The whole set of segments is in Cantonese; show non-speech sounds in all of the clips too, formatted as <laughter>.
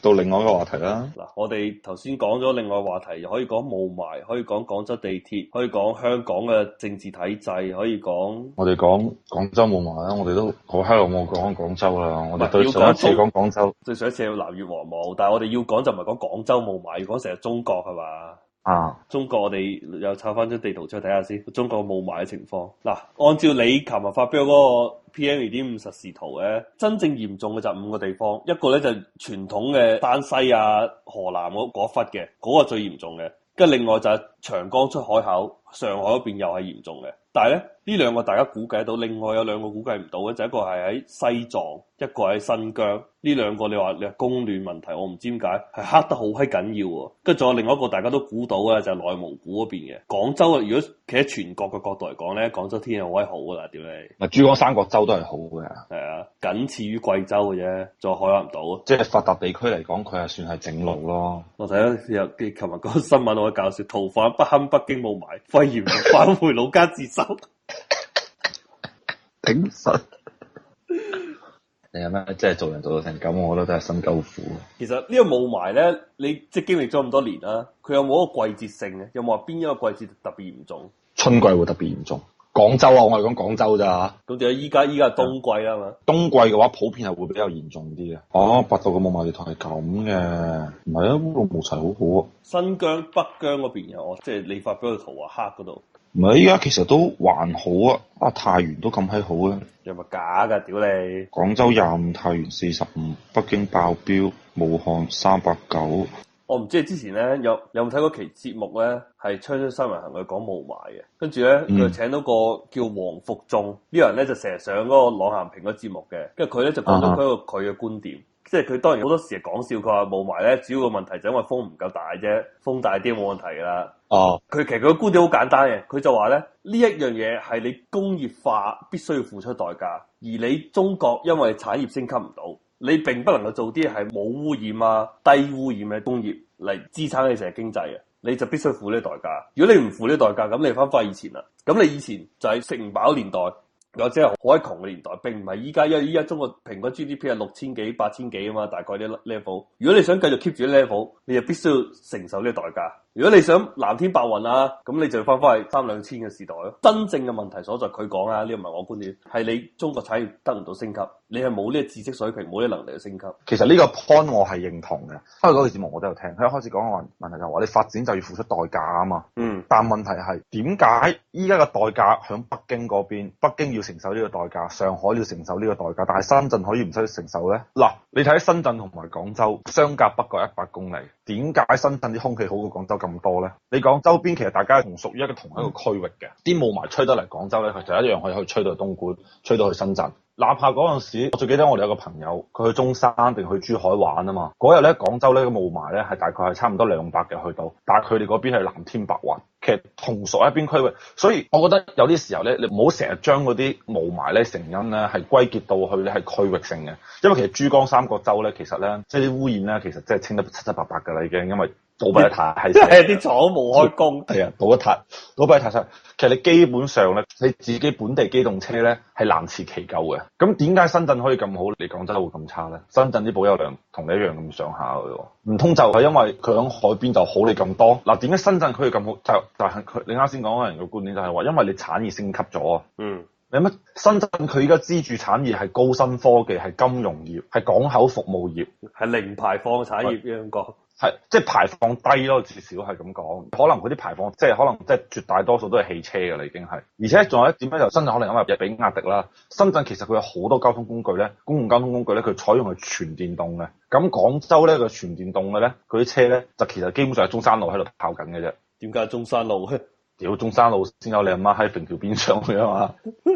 到另外一個話題啦。嗱，我哋頭先講咗另外一個話題，可以講霧霾，可以講廣州地鐵，可以講香港嘅政治體制，可以講。我哋講廣州霧霾啦，我哋都好閪耐冇講廣州啦。我哋對上一次講廣州，對上一次係南越王墓，但係我哋要講就唔係講廣州霧霾，要講成日中國係嘛？啊中看看！中國我哋又抄翻張地圖出去睇下先，中國霧霾嘅情況嗱，按照你琴日發表嗰個 PM 二點五實時圖咧，真正嚴重嘅就五個地方，一個咧就傳統嘅丹西啊、河南嗰忽嘅，嗰、嗰個最嚴重嘅，跟住另外就係長江出海口。上海嗰邊又係嚴重嘅，但係咧呢兩個大家估計到，另外有兩個估計唔到嘅，就是、一個係喺西藏，一個喺新疆。呢兩個你話你係供暖問題，我唔知點解係黑得好閪緊要喎。跟住仲有另外一個大家都估到嘅，就係內蒙古嗰邊嘅。廣州啊，如果企喺全國嘅角度嚟講咧，廣州天氣好閪好噶啦，屌你！咪珠江三角洲都係好嘅，係啊，僅次於貴州嘅啫，仲有海南島。即係發達地區嚟講，佢係算係整龍咯。我睇咗又，琴日嗰個新聞好搞笑，逃犯不堪北京霧霾。返回老家自首，頂 <laughs> <laughs> 挺實。你有咩即係做人做到成咁，我覺得都係心夠苦。其實個霧霧呢個霧霾咧，你即係經歷咗咁多年啦，佢有冇一個季節性嘅？有冇話邊一個季節特別嚴重？春季會特別嚴重。廣州啊，我係講廣州咋，咁就解依家依家係冬季啊嘛？冬季嘅話普遍係會比較嚴重啲嘅。哦，百度嘅霧霾地圖係咁嘅，唔係啊，烏魯木齊好、啊、好啊。新疆北疆嗰邊有我，即係你發表嘅圖啊，黑嗰度。唔係依家其實都還好啊，啊太原都咁閪好啊？有咪假噶？屌你！廣州廿五，太原四十五，北京爆表，武漢三百九。我唔知之前咧有有冇睇嗰期節目咧，係《鏘鏘三人行》去講霧霾嘅，跟住咧佢請到個叫王福重、這個、呢人咧，就成日上嗰個郎咸平嗰節目嘅，跟住佢咧就講咗佢個佢嘅、啊、哈觀點，即係佢當然好多時係講笑，佢話霧霾咧主要個問題就因為風唔夠大啫，風大啲冇問題噶啦。哦、啊，佢其實佢嘅觀點好簡單嘅，佢就話咧呢一樣嘢係你工業化必須要付出代價，而你中國因為產業升級唔到。你並不能夠做啲係冇污染啊、低污染嘅工業嚟支撐你成個經濟啊，你就必須付呢啲代價。如果你唔付呢啲代價，咁你返返以前啦。咁你以前就係食唔飽年代，或者係好閪窮嘅年代，並唔係依家。因為依家中國平均 GDP 係六千幾、八千幾啊嘛，大概啲 level。如果你想繼續 keep 住啲 level，你就必須要承受呢啲代價。如果你想藍天白雲啊，咁你就翻返去三兩千嘅時代咯。真正嘅問題所在，佢講啊，呢個唔係我觀點，係你中國產業得唔到升級，你係冇呢個知識水平，冇呢能力去升級。其實呢個 point 我係認同嘅，因為嗰期節目我都有聽，佢一開始講嘅問問題就係話，你發展就要付出代價啊嘛。嗯。但問題係點解依家嘅代價響北京嗰邊，北京要承受呢個代價，上海要承受呢個代價，但係深圳可以唔使承受呢？嗱，你睇深圳同埋廣州相隔不過一百公里，點解深圳啲空氣好過廣州？咁多咧？你講周邊其實大家同屬於一個同一個區域嘅，啲、嗯、霧霾吹得嚟廣州咧，佢就一樣可以去吹到東莞，吹到去深圳。哪怕嗰陣時，我最記得我哋有個朋友，佢去中山定去珠海玩啊嘛。嗰日咧，廣州咧嘅霧霾咧係大概係差唔多兩百嘅去到，但係佢哋嗰邊係藍天白雲，其實同屬一邊區域，所以我覺得有啲時候咧，你唔好成日將嗰啲霧霾咧成因咧係歸結到去咧係區域性嘅，因為其實珠江三角洲咧其實咧，即係啲污染咧其實即係清得七七八八噶啦已經，因為。倒閉一塌係，即係啲廠冇開工，係啊，倒一塌，倒閉一塌實。 <noise> <noise> 其實你基本上咧，你自己本地機動車咧係難辭其咎嘅。咁點解深圳可以咁好，你廣州會咁差咧？深圳啲保有量同你一樣咁上下嘅，唔通就係因為佢響海邊就好你咁多嗱？點解深圳可以咁好？就就係佢你啱先講嗰個人嘅觀點就係話，因為你產業升級咗啊。嗯，你乜？深圳佢而家支柱產業係高新科技，係金融業，係港口服務業，係零排放嘅產業，點樣講？即係排放低咯，至少係咁講。可能佢啲排放，即係可能，即係絕大多數都係汽車嘅啦，已經係。而且仲有一點咧、就是，就深圳可能咁又比亞迪啦。深圳其實佢有好多交通工具咧，公共交通工具咧，佢採用係全電動嘅。咁廣州咧嘅全電動嘅咧，佢啲車咧就其實基本上係中山路喺度跑緊嘅啫。點解中山路？屌 <laughs> 中山路先有你阿媽喺平橋邊上去嘅嘛？ <laughs>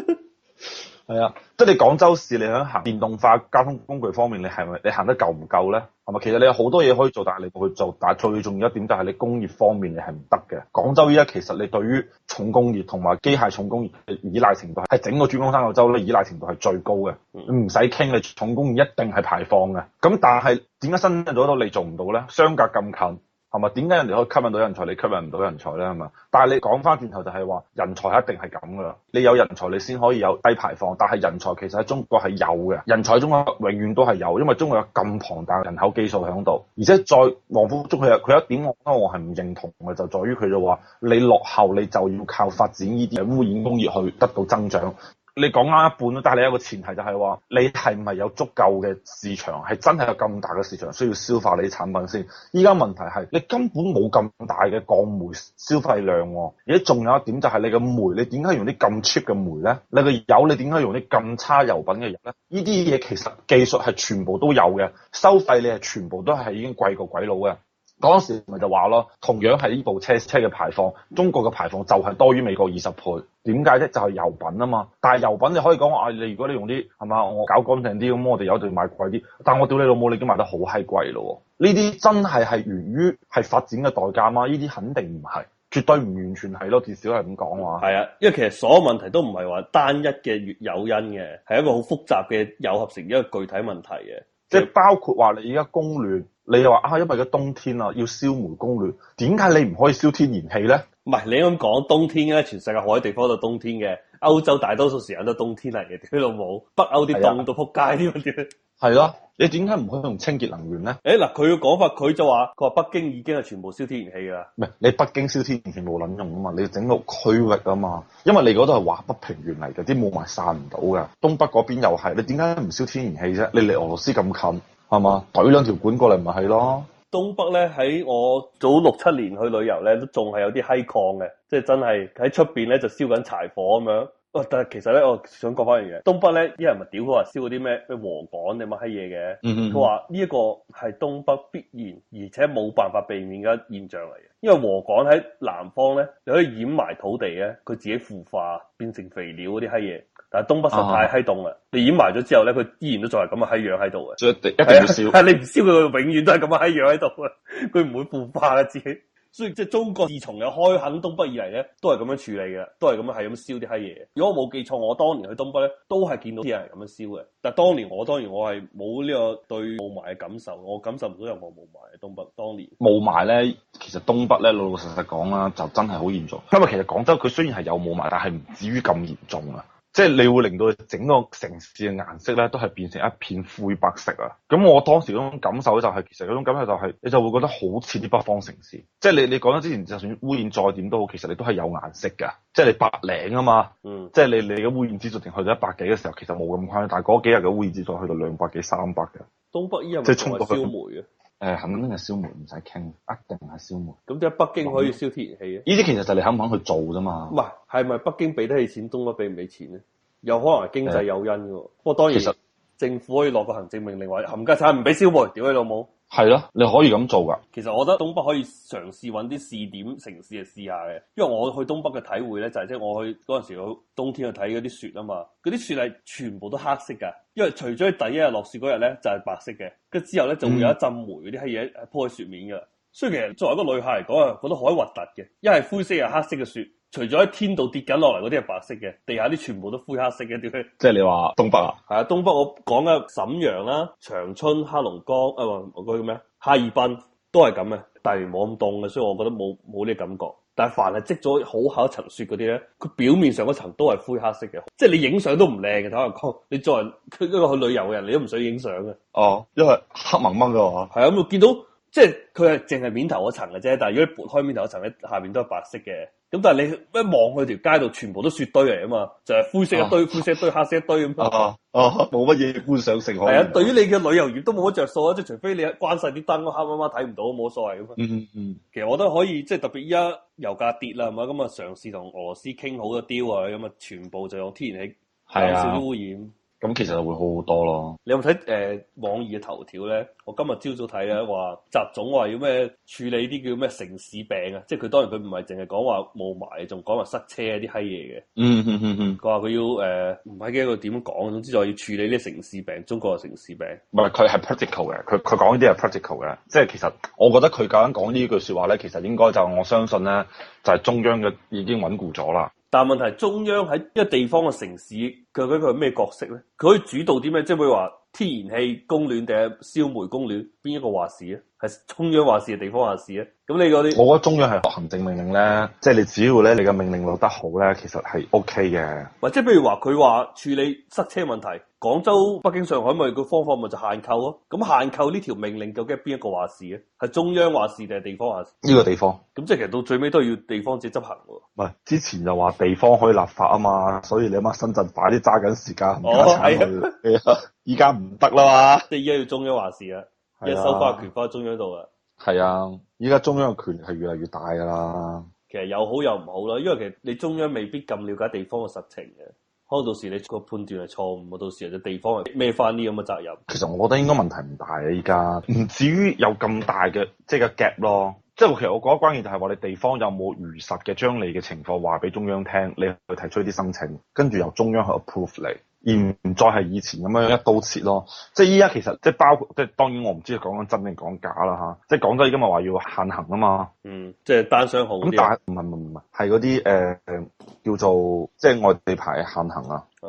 係啊，即係你廣州市你響行電動化交通工具方面，你係咪你行得夠唔夠咧？係咪其實你有好多嘢可以做，但係你冇去做。但係最重要一點就係你工業方面你係唔得嘅。廣州依家其實你對於重工業同埋機械重工業嘅依賴程度係整個珠江三角洲咧依賴程度係最高嘅。唔使傾你重工業一定係排放嘅。咁但係點解深圳做到你做唔到咧？相隔咁近。係咪？點解人哋可以吸引到人才，你吸引唔到人才咧？係咪？但係你講翻轉頭就係話，人才一定係咁噶啦。你有人才，你先可以有低排放。但係人才其實喺中國係有嘅，人才中國永遠都係有，因為中國有咁龐大嘅人口基數喺度。而且在王福重，佢有佢一點我，我我係唔認同嘅，就在於佢就話你落後，你就要靠發展呢啲污染工業去得到增長。你講啱一半，但係你有個前提就係話，你係唔係有足夠嘅市場？係真係有咁大嘅市場需要消化你啲產品先。依家問題係你根本冇咁大嘅降煤消費量喎。而家仲有一點就係你嘅煤，你點解用啲咁 cheap 嘅煤咧？你個油你點解用啲咁差油品嘅油咧？呢啲嘢其實技術係全部都有嘅，收費你係全部都係已經貴過鬼佬嘅。嗰陣時咪就話咯，同樣係呢部車車嘅排放，中國嘅排放就係多於美國二十倍。點解啫？就係、是、油品啊嘛。但係油品你可以講話，啊你如果你用啲係嘛，我搞乾淨啲咁，我哋有得賣貴啲。但我屌你老母，你已經賣得好閪貴咯。呢啲真係係源於係發展嘅代價嗎？呢啲肯定唔係，絕對唔完全係咯。至少係咁講話。係啊，因為其實所有問題都唔係話單一嘅有因嘅，係一個好複雜嘅有合成一個具體問題嘅，即係、就是、包括話你而家供暖。你又話啊，因為個冬天啊，要燒煤供暖，點解你唔可以燒天然氣呢？唔係你咁講冬天咧、啊，全世界好多地方都冬天嘅，歐洲大多數時間都冬天嚟嘅，屌老母北歐啲凍到撲街添啊！係咯，你點解唔可以用清潔能源呢？誒嗱、啊，佢嘅講法，佢就話佢話北京已經係全部燒天然氣㗎啦。唔係你北京燒天然氣冇撚用啊嘛，你要整到區域啊嘛，因為你嗰度係華北平原嚟嘅，啲霧霾散唔到㗎。東北嗰邊又係你點解唔燒天然氣啫？你離俄羅斯咁近。係嘛，懟兩條管過嚟咪係咯。東北咧，喺我早六七年去旅遊咧，都仲係有啲閪礦嘅，即係真係喺出邊咧就燒緊柴火咁樣。哦，但係其實咧，我想講翻樣嘢。東北咧啲人咪屌佢話燒嗰啲咩咩禾稈，你乜閪嘢嘅。嗯嗯，佢話呢一個係東北必然而且冇辦法避免嘅現象嚟嘅，因為禾稈喺南方咧，你可以掩埋土地咧，佢自己腐化變成肥料嗰啲閪嘢。但係東北實態在太閪凍啦！你掩，啊、埋咗之後咧，佢依然都仲係咁嘅喺樣喺度嘅。所以一定要燒，但係你唔燒佢，永遠都係咁嘅喺樣喺度啊！佢唔 <laughs> <laughs> 會腐化嘅自己。 <laughs> 所以即係、就是、中國自從有開墾東北以嚟咧，都係咁樣處理嘅，都係咁樣係咁燒啲閪嘢。如果我冇記錯，我當年去東北咧，都係見到啲人係咁樣燒嘅。但係當年我當然我係冇呢個對霧霾嘅感受，我感受唔到有冇霧霾。東北當年霧霾咧，其實東北咧老老實實講啦，就真係好嚴重。因為其實廣州佢雖然係有霧霾，但係唔至於咁嚴重啊。即係你會令到整個城市嘅顏色咧，都係變成一片灰白色啊！咁我當時嗰種感受咧，就係其實嗰種感受就係、是就是，你就會覺得好似啲北方城市。即係你你講咗之前，就算污染再點都好，其實你都係有顏色噶。即係你白領啊嘛，嗯，即係你你嘅污染指數定去到一百幾嘅時候，其實冇咁誇張。但係嗰幾日嘅污染指數去到兩百幾、三百嘅，東北依日即係衝過去燒煤啊！誒，肯定係燒煤，唔使傾，一定係燒煤。咁點解北京可以燒天然氣咧？呢啲其實就你肯唔肯去做啫嘛。唔係，係咪北京俾得起錢，東北俾唔俾錢咧？有可能係經濟有因嘅。的不過當然，實政府可以落個行政命令話，冚家鏟唔俾燒煤，屌你老母！係咯，你可以咁做噶。其實我覺得東北可以嘗試揾啲試點城市去試下嘅，因為我去東北嘅體會咧，就係即係我去嗰陣時去冬天去睇嗰啲雪啊嘛，嗰啲雪係全部都黑色噶，因為除咗第一日落雪嗰日咧就係、是、白色嘅，跟住之後咧就會有一浸煤嗰啲黑嘢鋪喺雪面噶。雖然其實作為一個旅客嚟講啊，我覺得好核突嘅，一係灰色，一係黑色嘅雪，除咗喺天度跌緊落嚟嗰啲係白色嘅，地下啲全部都灰黑色嘅。點，即係你話東北啊？係啊，東北我講緊瀋陽啦、長春、黑龍江啊，唔係嗰個叫咩？哈爾濱都係咁嘅，但係冇咁凍嘅，所以我覺得冇冇呢感覺。但係凡係積咗好厚一層雪嗰啲咧，佢表面上嗰層都係灰黑色嘅，即係你影相都唔靚嘅。坦白講，你作為一個去旅遊嘅人，你都唔想影相嘅。哦，因為黑蒙蒙嘅嘛。係、呃、啊，咁見、呃、到。即係佢係淨係面頭嗰層嘅啫，但係如果你撥開面頭嗰層咧，下面都係白色嘅。咁但係你一望佢條街度，全部都雪堆嚟，啊嘛，就係、是、灰色一堆、啊、灰色一堆、啊、黑色一堆咁。冇乜嘢觀賞性。係啊，對於你嘅旅遊業都冇乜着數啊，即係除非你關晒啲燈，黑掹掹睇唔到有有，冇乜所謂咁。嗯嗯嗯，其實我都可以，即係特別依家油價跌啦，咁啊嘗試同俄羅斯傾好一啲啊，咁啊全部就用天然氣，減少污染。咁其實會好好多咯。你有冇睇誒網易嘅頭條咧？我今日朝早睇咧，話習總話要咩處理啲叫咩城市病啊？即係佢當然佢唔係淨係講話霧霾，仲講話塞車啲閪嘢嘅。嗯嗯嗯嗯，佢話佢要誒唔係記得佢點講？總之就要處理啲城市病，中國嘅城市病。唔係佢係 practical 嘅，佢佢講呢啲係 practical 嘅。即係其實我覺得佢咁樣講呢句説話咧，其實應該就是、我相信咧，就係、是、中央嘅已經穩固咗啦。但問題中央喺一個地方嘅城市，究竟佢係咩角色呢？佢可以主導啲咩？即係譬如話，天然氣供暖定係燒煤供暖？邊一個話事咧？係中央話事定地方話事咧？咁你嗰啲？我覺得中央係行政命令咧，即係你只要咧，你嘅命令落得好咧，其實係 O K 嘅。或者譬如話佢話處理塞車問題，廣州、北京、上海咪個方法咪就限購咯、啊。咁限購呢條命令究竟邊一個話事咧？係中央話事定係地方話事？呢個地方。咁即係其實到最尾都要地方自執行嘅。唔係之前就話地方可以立法啊嘛，所以你阿媽深圳快啲揸緊時間唔該鏟佢。依家唔得啦嘛，即係依家要中央話事啦。一手把權喺中央度啊，係啊，依家中央嘅權力係越嚟越大噶啦。其實有好有唔好啦，因為其實你中央未必咁了解地方嘅實情嘅，可能到時你個判斷係錯誤，到時啊，啲地方係孭翻啲咁嘅責任。其實我覺得應該問題唔大啊，依家唔至於有咁大嘅即係個 gap 咯。即係其實我覺得關鍵就係話你地方有冇如實嘅將你嘅情況話俾中央聽，你去提出一啲申請，跟住由中央去 approve 你。而唔再係以前咁樣一刀切咯，即係依家其實即係包括，即係當然我唔知講緊真定講假啦吓，即係廣州而家咪話要限行啊嘛，嗯，即係單雙號咁，但唔係唔係唔係，係嗰啲誒叫做即係外地牌限行啊，啊、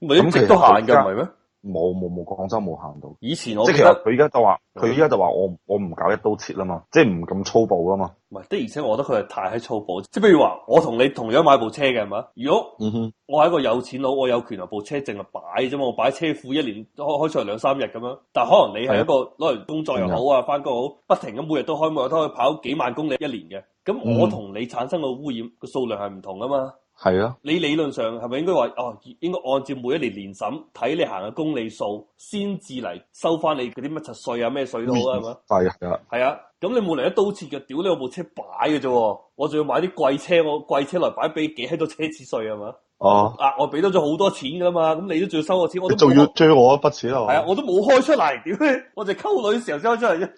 嗯，咁一直都限噶唔係咩？冇冇冇，廣州冇行到。以前我即係其實佢而家就話，佢而家就話我我唔搞一刀切啦嘛，即係唔咁粗暴啦嘛。唔係的，而且我覺得佢係太係粗暴。即係譬如話，我同你同樣買部車嘅係嘛？如果嗯哼，我係一個有錢佬，我有權有部車淨係擺啫嘛，我擺車庫一年，開開出嚟兩三日咁樣。但係可能你係一個攞嚟的工作又好啊，翻工好，不停咁每日都開，每日都可以跑幾萬公里一年嘅。咁我同你產生嘅污染個數量係唔同啊嘛。嗯係啊，你理論上係咪應該話哦？應該按照每一年年審睇你行嘅公里數，先至嚟收翻你嗰啲乜柒稅啊？咩稅都好啊？係啊，係啊，咁你冇嚟一刀切嘅，屌你有部車擺嘅啫，我仲要買啲貴車，我貴車嚟擺，俾幾多車次稅係、啊啊、嘛？哦，嗱，我俾多咗好多錢噶嘛，咁你都仲要收我錢，你就 我都仲要追我一筆錢係嘛？係啊，我都冇開出嚟，屌、嗯、 <laughs> 我就溝女時候先開出嚟，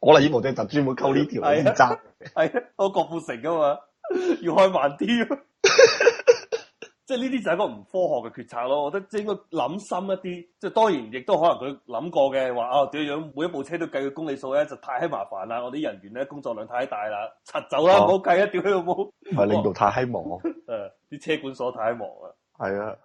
我嚟呢部車特專門溝呢條係啊，我郭富城啊嘛，要開慢啲咯。即係呢啲就係一個唔科學嘅決策咯，我覺得即係應該諗深一啲，即係當然亦都可能佢諗過嘅話，啊點、哦、樣每一部車都計佢公里數咧、啊，就太麻煩啦，我啲人員咧工作量太大啦，柒走啦，唔好計啊，屌你老母，係領導太閪忙誒，啲 <laughs> <laughs> 車管所太閪忙啊，係啊的。